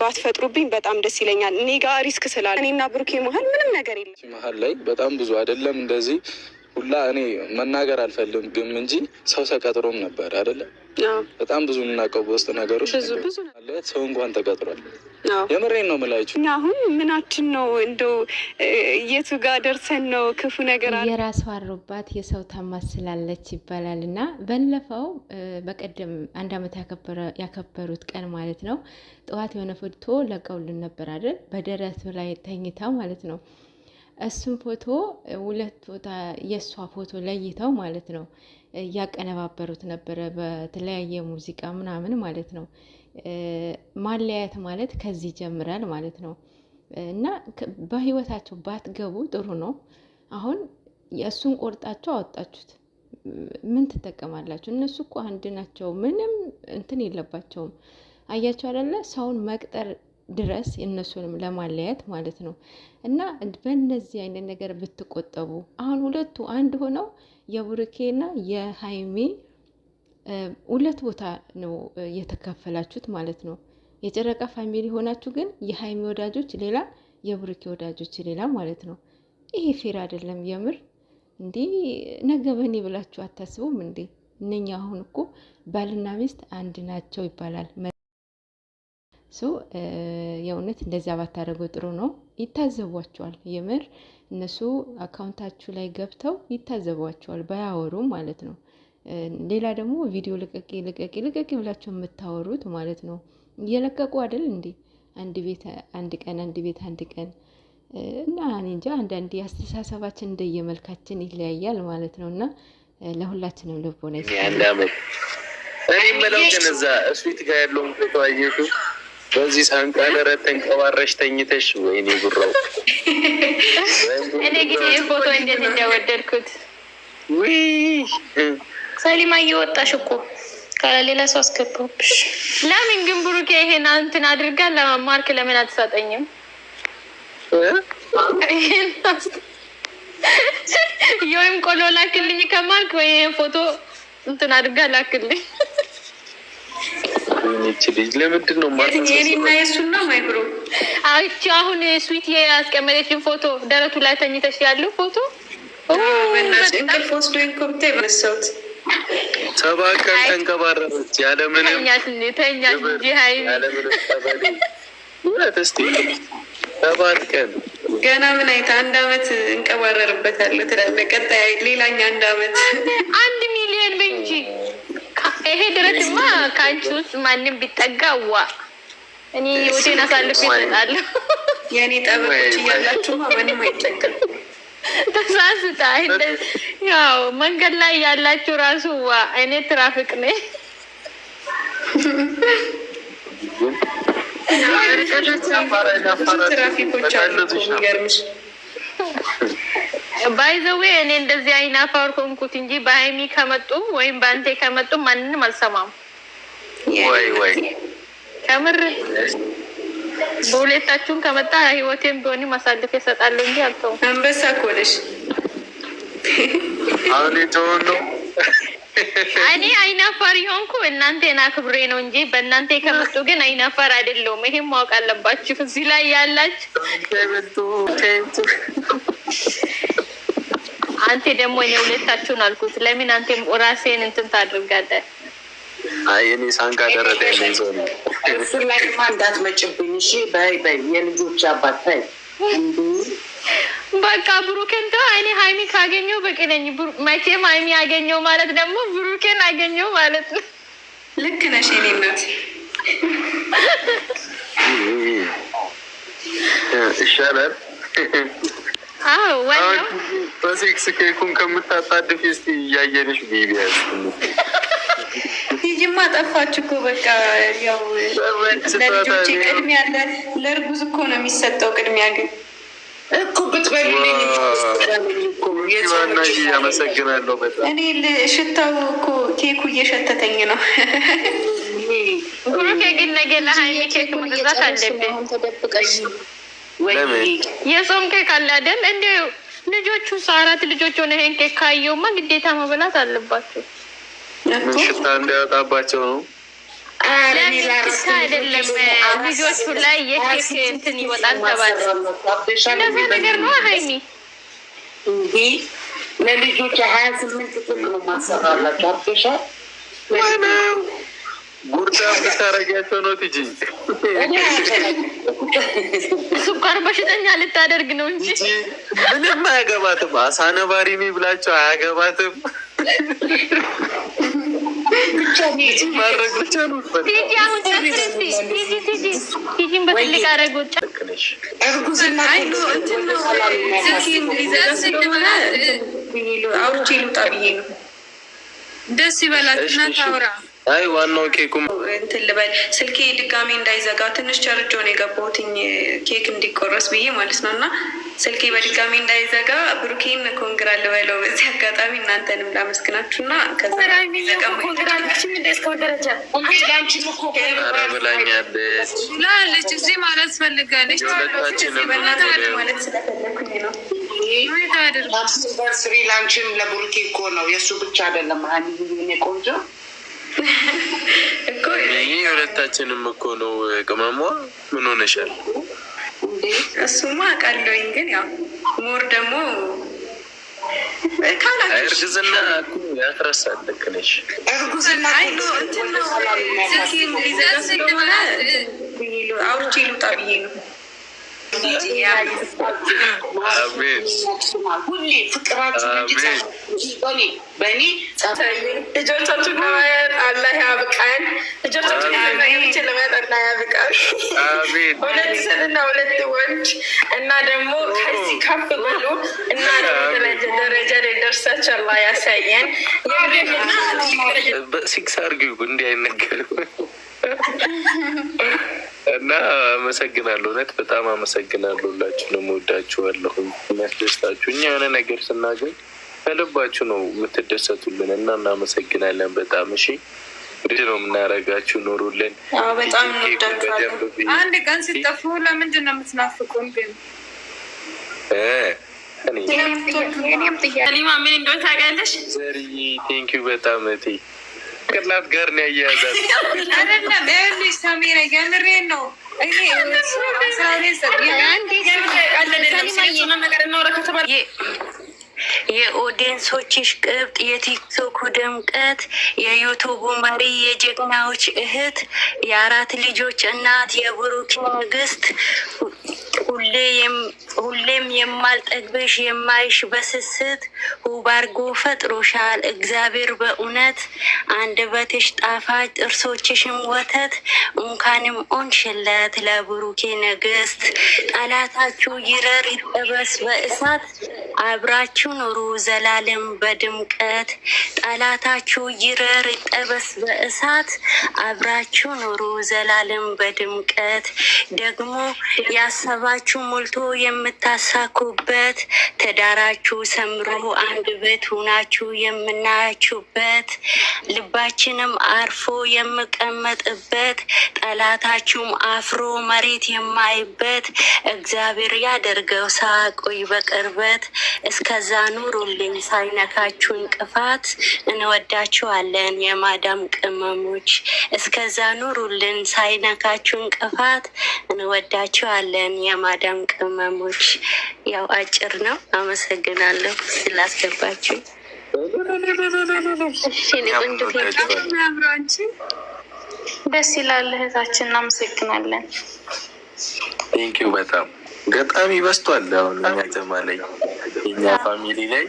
ባትፈጥሩብኝ በጣም ደስ ይለኛል። እኔ ጋር ሪስክ ስላለ እኔና ብሩኬ መሀል ምንም ነገር የለም። መሀል ላይ በጣም ብዙ አይደለም እንደዚህ ሁላ እኔ መናገር አልፈልግም እንጂ ሰው ተቀጥሮም ነበር አይደለም። በጣም ብዙ የምናውቀው በውስጥ ነገሮች ሰው እንኳን ተቀጥሯል። የምሬን ነው የምላችሁ። አሁን ምናችን ነው እንደው የቱ ጋር ደርሰን ነው ክፉ ነገር የራሷ አሮባት የሰው ታማስላለች ይባላል እና በለፈው በቀደም አንድ ዓመት ያከበሩት ቀን ማለት ነው ጠዋት የሆነ ፎቶ ለቀውልን ነበር አይደል? በደረቱ ላይ ተኝታው ማለት ነው እሱን ፎቶ ሁለት ቦታ የእሷ ፎቶ ለይተው ማለት ነው እያቀነባበሩት ነበረ፣ በተለያየ ሙዚቃ ምናምን ማለት ነው። ማለያየት ማለት ከዚህ ይጀምራል ማለት ነው። እና በህይወታቸው ባትገቡ ጥሩ ነው። አሁን እሱን ቆርጣቸው አወጣችሁት፣ ምን ትጠቀማላችሁ? እነሱ እኮ አንድ ናቸው። ምንም እንትን የለባቸውም። አያቸው አይደለ? ሰውን መቅጠር ድረስ እነሱንም ለማለያየት ማለት ነው። እና በእነዚህ አይነት ነገር ብትቆጠቡ አሁን ሁለቱ አንድ ሆነው የቡርኬና የሀይሜ ሁለት ቦታ ነው የተካፈላችሁት ማለት ነው። የጨረቃ ፋሚሊ ሆናችሁ ግን የሀይሜ ወዳጆች ሌላ፣ የቡርኬ ወዳጆች ሌላ ማለት ነው። ይሄ ፌር አይደለም የምር እንዲህ ነገ በኔ ብላችሁ አታስቡም እንዴ? እነኛ አሁን እኮ ባልና ሚስት አንድ ናቸው ይባላል። የእውነት እንደዚያ ባታደረጉ ጥሩ ነው። ይታዘቧቸዋል። የምር እነሱ አካውንታችሁ ላይ ገብተው ይታዘቧቸዋል፣ ባያወሩ ማለት ነው። ሌላ ደግሞ ቪዲዮ ልቀቂ ልቀቂ ልቀቂ ብላቸው የምታወሩት ማለት ነው። እየለቀቁ አይደል እንዴ? አንድ ቤት አንድ ቀን አንድ ቤት አንድ ቀን እና እኔ እንጃ አንዳንዴ አስተሳሰባችን እንደየመልካችን ይለያያል ማለት ነው። እና ለሁላችንም ልቦና ይስ እኔ መለው ግን እዛ ስዊት ጋር ያለውን በዚህ ሳንቃ ደረት ተንከባረሽ ተኝተሽ፣ ወይኔ ጉራው! እኔ ግን ይህ ፎቶ እንዴት እንዳወደድኩት! ውይ ሰሊማ እየወጣሽ እኮ ከሌላ ሰው አስገባብሽ። ለምን ግን ብሩኬ ይሄን እንትን አድርጋ ለማማርክ ለምን አትሳጠኝም? አትሰጠኝም? ወይም ቆሎ ላክልኝ ከማርክ ወይ ይሄን ፎቶ እንትን አድርጋ ላክልኝ ይቺ ልጅ ለምንድን ነው ነው ማይብሮ አሁን ስዊት ያስቀመጠችን ፎቶ ደረቱ ላይ ተኝተሽ ያለው ፎቶ ሰባ ቀን ያለምንም ተኛት እንጂ ሀይሚ ሰባት ቀን ገና ምን አይነት አንድ አመት እንቀባረርበታለሁ ትላለህ። ቀጣይ ሌላኛ አንድ አመት አንድ ሚሊዮን በእንጂ ይሄ ድረስማ ከአንቺ ውስጥ ማንም ቢጠጋ ዋ እኔ ወዴን አሳልፍ ይሰጣለሁ። የእኔ ጠበቆች እያላችሁ ማንም አይጠቀም። ተሳስታ ያው መንገድ ላይ ያላችሁ ራሱ ዋ እኔ ትራፊክ ነ ትራፊኮች አሉ የሚገርምሽ ባይዘዌ እኔ እንደዚህ አይን አፋር ሆንኩት እንጂ በሀይሚ ከመጡ ወይም በአንቴ ከመጡ ማንንም አልሰማም። ወይ ወይ ከምር በሁለታችሁን ከመጣ ህይወቴን ቢሆንም አሳልፍ እሰጣለሁ እንጂ አልተውም። አንበሳ እኮ ነሽ። እኔ አይናፋር የሆንኩ እናንተን አክብሬ ነው እንጂ በእናንተ ከመጡ ግን አይናፋር አይደለሁም። ይሄም ማወቅ አለባችሁ እዚህ ላይ ያላችሁ አንቴ ደግሞ እኔ ሁለታችሁን አልኩት። ለምን አንቴ ራሴን እንትን ታደርጋለህ? እኔ ሳንካ ደረደ እሱ ላይ ማንዳት መጭብኝ። እሺ በይ በይ፣ የልጆች አባት ታይ በቃ ብሩኬን ተው። እኔ ሀይሚ ካገኘው በቂ ነኝ። መቼም ሀይሚ ያገኘው ማለት ደግሞ ብሩኬን አገኘው ማለት ነው። ልክ ነሽ የእኔ እናት። ይሻላል በሴክስ ኬኩን ከምታጣድፍ እስኪ እያየንሽ ቤቢያስ ልጅማ ጠፋች እኮ በቃ ያው ለልጆቼ ቅድሚያ ለእርጉዝ እኮ ነው የሚሰጠው ቅድሚያ ግን እኮ ብትበሉልኝ ያመሰግናለሁ እኔ ሽታው እኮ ኬኩ እየሸተተኝ ነው ብሩኬ ግን ነገ ለሀይሚ ኬክ መግዛት አለብን የጾም ኬክ አለ አይደል? እንዲ ልጆቹ አራት ልጆች ሆነ ይሄን ኬክ ካየውማ ግዴታ መብላት አለባቸው። ሽታ እንዳያወጣባቸው ነው። አይደለም ልጆቹ ላይ የኬክ እንትን ይወጣል ተባለ። እንደዛ ነገር ነው ሀይሚ እንዲህ ለልጆች ሀያ ስምንት ጥቅ ነው ማሰራላቸው አብሻ ጉርዳ ብታረጊያቸው ነው ትጂ እሱም ቀርበ ልታደርግ ነው እንጂ ምንም አያገባትም። አሳ ነባሪ ብላቸው አያገባትም። ደስ ይበላት እና ታውራ አይ ዋናው ኬኩ እንትን ልበል ስልኬ ድጋሚ እንዳይዘጋ ትንሽ ቸርጆ ነው የገባሁትኝ ኬክ እንዲቆረስ ብዬ ማለት ነው። እና ስልኬ በድጋሚ እንዳይዘጋ ብሩኬን ኮንግራ ልበለው በዚህ አጋጣሚ እናንተንም ላመስግናችሁ እና ከዛብላኛለች እዚህ ማለት ፈልጋለች ማለት ስለፈለኩኝ ነው። ስሪ ላንቺም ለብሩኬ እኮ ነው የእሱ ብቻ አይደለም። ቆንጆ ይህ ሁለታችንም እኮ ነው። ቅመሟ ምን ሆነሻል? እሱማ አውቃለሁኝ፣ ግን ያው ሞር ደግሞ እርግዝና ያስረሳል። ልክ ነሽ። እርጉዝና አውርቼ ልውጣ ብዬ ነው ሁሌ ፍቅራችሁ በእኔ ልጆቻችሁን ለማየት አላህ ያብቃን። ልጆቻችሁን ለማየት አላህ ያብቃን። ሁለት ሴትና ሁለት ወንድ እና ደግሞ ከዚህ ከፍ ብሎ እና ደረጃ ላይ ደርሳችሁ አላህ ያሳየን። ሲክስ አድርጊው እንዲህ አይነገርም። እና አመሰግናለሁ። እውነት በጣም አመሰግናለሁ። ሁላችሁንም እወዳችኋለሁ። የሚያስደስታችሁ እኛ የሆነ ነገር ስናገኝ ከልባችሁ ነው የምትደሰቱልን እና እናመሰግናለን በጣም እሺ። ምንድ ነው የምናረጋችሁ? ኖሩልን። በጣም እንወዳችኋለን። አንድ ቀን ሲጠፉ ለምንድን ነው የምትናፍቁን? ግን ሊማ ምን እንደሆነ ታውቂያለሽ? ዘርዬ ቴንኪው በጣም እቴ ከጭንቅላት ጋር ነው ያያዛል። አይደለም ነው። የኦዲየንሶችሽ ቅብጥ፣ የቲክቶኩ ድምቀት፣ የዩቱቡ መሪ፣ የጀግናዎች እህት፣ የአራት ልጆች እናት፣ የብሩክ ንግስት፣ ሁሌም የማልጠግብሽ የማይሽ በስስት ውባርጎ አድርጎ ፈጥሮሻል እግዚአብሔር በእውነት አንደበትሽ ጣፋጭ ጥርሶችሽም ወተት። እንኳንም ኦንሽለት ለብሩኬ ንግስት ጠላታችሁ ይረር ይጠበስ በእሳት አብራችሁ ኑሩ ዘላለም በድምቀት ጠላታችሁ ይረር ጠበስ በእሳት አብራችሁ ኑሩ ዘላለም በድምቀት ደግሞ ያሰባችሁ ሞልቶ የምታሳኩበት ትዳራችሁ ሰምሮ አንድ ቤት ሁናችሁ የምናያችሁበት ልባችንም አርፎ የምቀመጥበት ጠላታችሁም አፍሮ መሬት የማይበት እግዚአብሔር ያደርገው ሳቆይ በቅርበት እስከዛ ኑሩልኝ ሳይነካችሁ እንቅፋት። እንወዳችኋለን የማዳም ቅመሞች። እስከዛ ኑሩልን ሳይነካችሁ እንቅፋት። እንወዳችኋለን የማዳም ቅመሞች። ያው አጭር ነው። አመሰግናለሁ ስላስገባችሁ። ደስ ይላል እህታችን፣ እናመሰግናለን። ቴንኪው በጣም ገጣሚ በስቷል። አሁን ተማለኝ የኛ ፋሚሊ ላይ